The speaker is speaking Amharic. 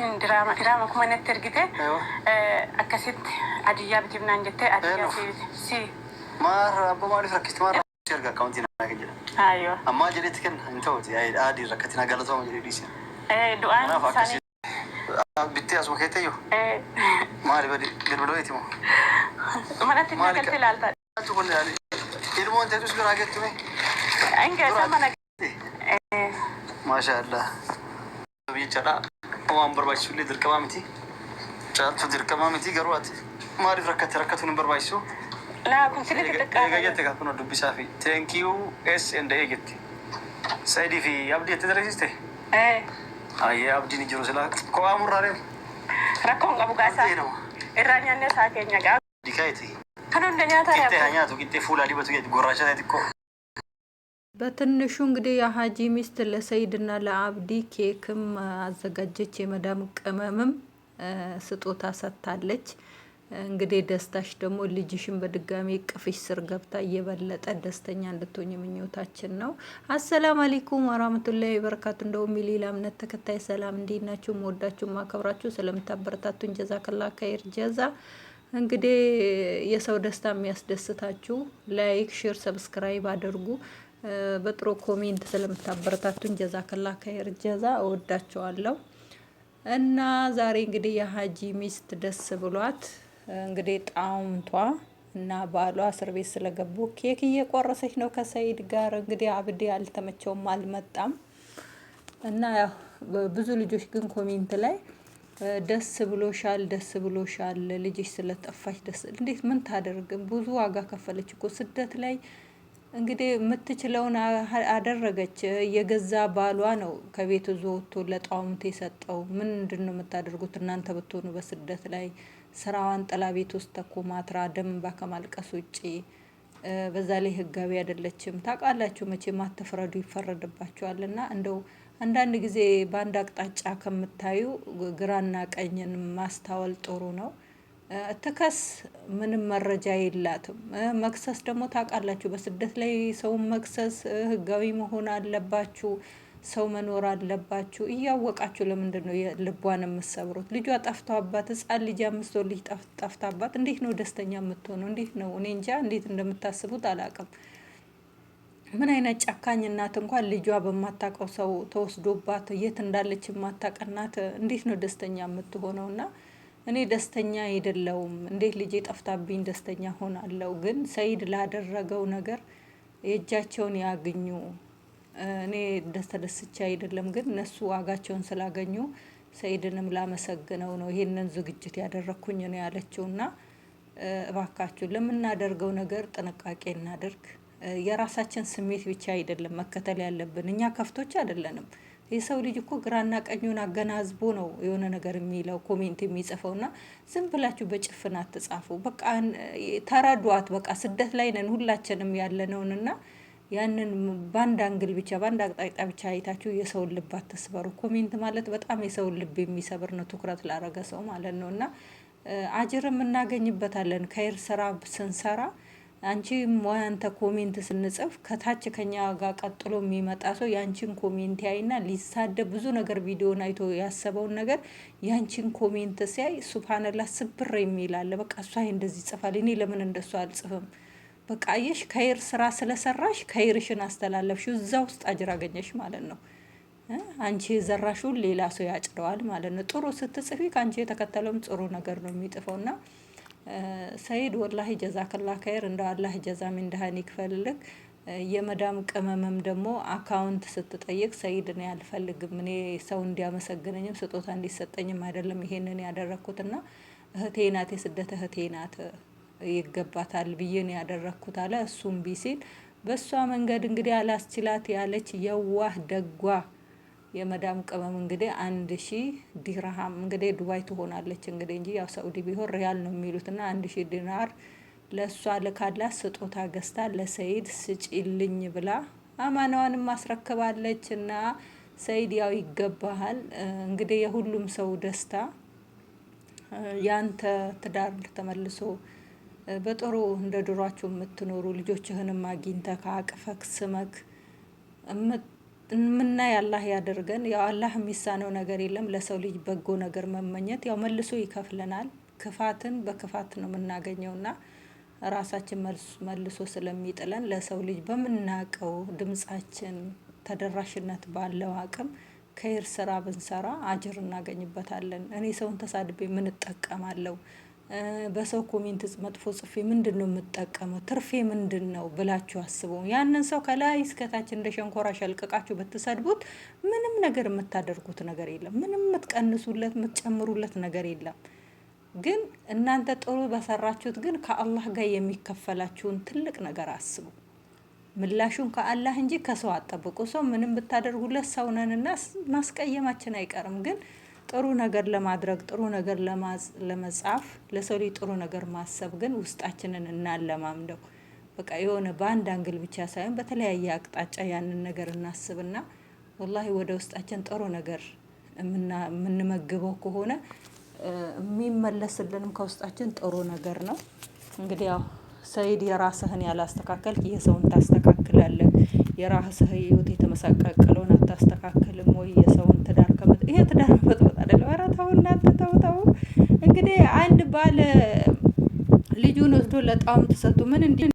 jechuun diraama diraama kuma natti ergite akkasitti adiyyaa bitibnaan jettee adiyyaa si. Maara abbo maaliif rakkiste maara rakkiste erga akkaawuntii namaa kan jedhamu. Ayyoo. Ammaa jedhetti kenna hin ta'uuti adii rakkatiin agalaatama jedhee dhiise. Du'aan isaanii. Bittee asuma keettee yoo. Maali badi bilbilooti moo. Manatti galtee ilaaltaa. Ilmoon teetus biraa gettume. Engeessa mana. Maasha Allah. Jechaadha. waan barbaachisu illee dirqamaa miti. Caaltu dirqamaa miti garuu ati maaliif rakkate rakkatu hin barbaachisu. Naa kun sirriitti xiqqaa. Eega jette kan kun dubbisaa fi teenkiyuu es enda eegetti. Saidii fi abdii itti dalagsiste? Ee. Ayyee abdiin jiru silaa ko'aa murraaree. Rakkoon qabu gaasaa. Irraa nyaannee isaa keenya gaafa. Dikaayiti. Kan hunda nyaata. Qittee haa nyaatu qittee fuula dibatu gorraacha ta'e xiqqoo. በትንሹ እንግዲህ የሀጂ ሚስት ለሰይድና ለአብዲ ኬክም አዘጋጀች። የመዳም ቅመምም ስጦታ ሰጥታለች። እንግዲህ ደስታሽ ደግሞ ልጅሽን በድጋሚ ቅፍሽ ስር ገብታ እየበለጠ ደስተኛ እንድትሆኝ ምኞታችን ነው። አሰላም አለይኩም ወራህመቱላሂ ወበረካቱ። እንደውም የሌላ እምነት ተከታይ ሰላም፣ እንዴት ናችሁ? መወዳችሁ ማከብራችሁ ስለምታበረታቱን ጀዛከላ ከይር ጀዛ እንግዲህ የሰው ደስታ የሚያስደስታችሁ ላይክ፣ ሼር፣ ሰብስክራይብ አድርጉ። በጥሩ ኮሜንት ስለምታበረታቱን ጀዛ ከላ ከይር ጀዛ እወዳቸዋለሁ። እና ዛሬ እንግዲህ የሀጂ ሚስት ደስ ብሏት እንግዲህ ጣውምቷ እና ባሏ እስር ቤት ስለገቡ ኬክ እየቆረሰች ነው ከሰይድ ጋር እንግዲህ አብዲ አልተመቸውም፣ አልመጣም። እና ያው ብዙ ልጆች ግን ኮሜንት ላይ ደስ ብሎሻል፣ ደስ ብሎሻል፣ ልጅሽ ስለጠፋች ደስ እንዴት ምን ታደርግም፣ ብዙ ዋጋ ከፈለች እኮ ስደት ላይ እንግዲህ የምትችለውን አደረገች። የገዛ ባሏ ነው ከቤት ይዞ ወጥቶ ለጣዖምት የሰጠው። ምንድን ነው የምታደርጉት እናንተ ብትሆኑ በስደት ላይ ስራዋን ጥላ ቤት ውስጥ ማትራ ደምባ ከማልቀስ ውጪ። በዛ ላይ ህጋዊ አይደለችም። ታውቃላችሁ መቼም አትፍረዱ፣ ይፈረድባችኋል። እና እንደው አንዳንድ ጊዜ በአንድ አቅጣጫ ከምታዩ ግራና ቀኝን ማስታወል ጥሩ ነው። ትከስ ምንም መረጃ የላትም። መክሰስ ደግሞ ታውቃላችሁ፣ በስደት ላይ ሰውን መክሰስ ህጋዊ መሆን አለባችሁ፣ ሰው መኖር አለባችሁ። እያወቃችሁ ለምንድን ነው ልቧን የምትሰብሩት? ልጇ ጠፍታባት፣ ህጻን ልጅ አምስት ወር ልጅ ጠፍታባት፣ እንዴት ነው ደስተኛ የምትሆነው? እንዴት ነው እኔ እንጃ እንዴት እንደምታስቡት አላውቅም። ምን አይነት ጨካኝ እናት እንኳን ልጇ በማታውቀው ሰው ተወስዶባት የት እንዳለች የማታውቅ እናት እንዴት ነው ደስተኛ የምትሆነው? እና እኔ ደስተኛ አይደለውም እንዴት ልጄ ጠፍታብኝ ደስተኛ ሆናለው? ግን ሰይድ ላደረገው ነገር የእጃቸውን ያግኙ። እኔ ደስተ ደስቻ አይደለም ግን እነሱ ዋጋቸውን ስላገኙ ሰይድንም ላመሰግነው ነው ይሄንን ዝግጅት ያደረኩኝ ነው ያለችው። እና እባካችሁ ለምናደርገው ነገር ጥንቃቄ እናደርግ የራሳችን ስሜት ብቻ አይደለም መከተል ያለብን እኛ ከፍቶች አይደለንም የሰው ልጅ እኮ ግራና ቀኙን አገናዝቦ ነው የሆነ ነገር የሚለው ኮሜንት የሚጽፈው። ና ዝም ብላችሁ በጭፍን አትጻፉ። በቃ ተረዷት። በቃ ስደት ላይ ነን ሁላችንም ያለነውን ና ያንን በአንድ አንግል ብቻ በአንድ አቅጣጫ ብቻ አይታችሁ የሰውን ልብ አትስበሩ። ኮሜንት ማለት በጣም የሰውን ልብ የሚሰብር ነው፣ ትኩረት ላረገ ሰው ማለት ነው እና አጅርም እናገኝበታለን ከይር ስራ ስንሰራ አንቺ ሞያንተ ኮሜንት ስንጽፍ ከታች ከኛ ጋር ቀጥሎ የሚመጣ ሰው ያንቺን ኮሜንት ያይና ሊሳደብ ብዙ ነገር ቪዲዮን አይቶ ያሰበውን ነገር ያንቺን ኮሜንት ሲያይ ሱብሃነላ ስብር የሚላለ በቃ እሷ እንደዚህ ይጽፋል፣ እኔ ለምን እንደሱ አልጽፍም? በቃ አየሽ፣ ከይር ስራ ስለሰራሽ ከይርሽን አስተላለፍሽው እዛ ውስጥ አጅር አገኘሽ ማለት ነው። አንቺ የዘራሽውን ሌላ ሰው ያጭደዋል ማለት ነው። ጥሩ ስትጽፊ ከአንቺ የተከተለውም ጥሩ ነገር ነው የሚጥፈውና ሰይድ ወላሂ ጀዛ ከላ ከይር እንደ አላህ ጀዛ ሚንዳህን ይክፈልልክ። የመዳም ቅመምም ደግሞ አካውንት ስትጠይቅ ሰይድን አልፈልግም እኔ ሰው እንዲያመሰግነኝም ስጦታ እንዲሰጠኝም አይደለም ይሄንን ያደረግኩትና እህቴ ናት፣ የስደት እህቴ ናት ይገባታል ብዬ ያደረግኩት አለ። እሱም ቢሲል በእሷ መንገድ እንግዲህ አላስችላት ያለች የዋህ ደጓ የመዳም ቅመም እንግዲህ አንድ ሺ ዲርሃም እንግዲህ ዱባይ ትሆናለች እንግዲህ እንጂ ያው ሰዑዲ ቢሆን ሪያል ነው የሚሉትና አንድ ሺ ዲናር ለእሷ ልካላ ስጦታ ገዝታ ለሰይድ ስጪልኝ ብላ አማናዋንም አስረክባለች። እና ሰይድ ያው ይገባሃል እንግዲህ የሁሉም ሰው ደስታ ያንተ ትዳር ተመልሶ በጥሩ እንደ ድሯቸው የምትኖሩ ልጆችህንም አግኝተ አቅፈክ ስመክ ምናይ አላህ ያደርገን። ያው አላህ የሚሳነው ነገር የለም። ለሰው ልጅ በጎ ነገር መመኘት ያው መልሶ ይከፍለናል። ክፋትን በክፋት ነው የምናገኘውና ራሳችን መልሶ ስለሚጥለን ለሰው ልጅ በምናቀው ድምጻችን ተደራሽነት ባለው አቅም ከይር ስራ ብንሰራ አጅር እናገኝበታለን። እኔ ሰውን ተሳድቤ ምን እጠቀማለሁ? በሰው ኮሜንት መጥፎ ጽፌ ምንድን ነው የምጠቀመው? ትርፌ ምንድን ነው ብላችሁ አስቡ። ያንን ሰው ከላይ እስከታች እንደ ሸንኮራ ሸልቅቃችሁ ብትሰድቡት ምንም ነገር የምታደርጉት ነገር የለም። ምንም የምትቀንሱለት የምትጨምሩለት ነገር የለም። ግን እናንተ ጥሩ በሰራችሁት ግን ከአላህ ጋር የሚከፈላችሁን ትልቅ ነገር አስቡ። ምላሹን ከአላህ እንጂ ከሰው አጠብቁ። ሰው ምንም ብታደርጉለት ሰውነንና ማስቀየማችን አይቀርም ግን ጥሩ ነገር ለማድረግ ጥሩ ነገር ለመጻፍ ለሰው ልጅ ጥሩ ነገር ማሰብ ግን ውስጣችንን እናለማምደው። በቃ የሆነ በአንድ አንግል ብቻ ሳይሆን በተለያየ አቅጣጫ ያንን ነገር እናስብና ወላሂ ወደ ውስጣችን ጥሩ ነገር የምንመግበው ከሆነ የሚመለስልንም ከውስጣችን ጥሩ ነገር ነው። እንግዲህ ያው ሰይድ የራስህን ያላስተካከልክ የሰውን ታስተካክላለህ? የራስህ ህይወት የተመሰቃቀለውን አታስተካክልም ወይ የሰውን ይሄ ትዳር መበጥበጥ አይደለም። ኧረ ተው እናንተ ተው ተው። እንግዲህ አንድ ባል ልጁን ወስዶ ለጣም ተሰጡ ምን እንዲ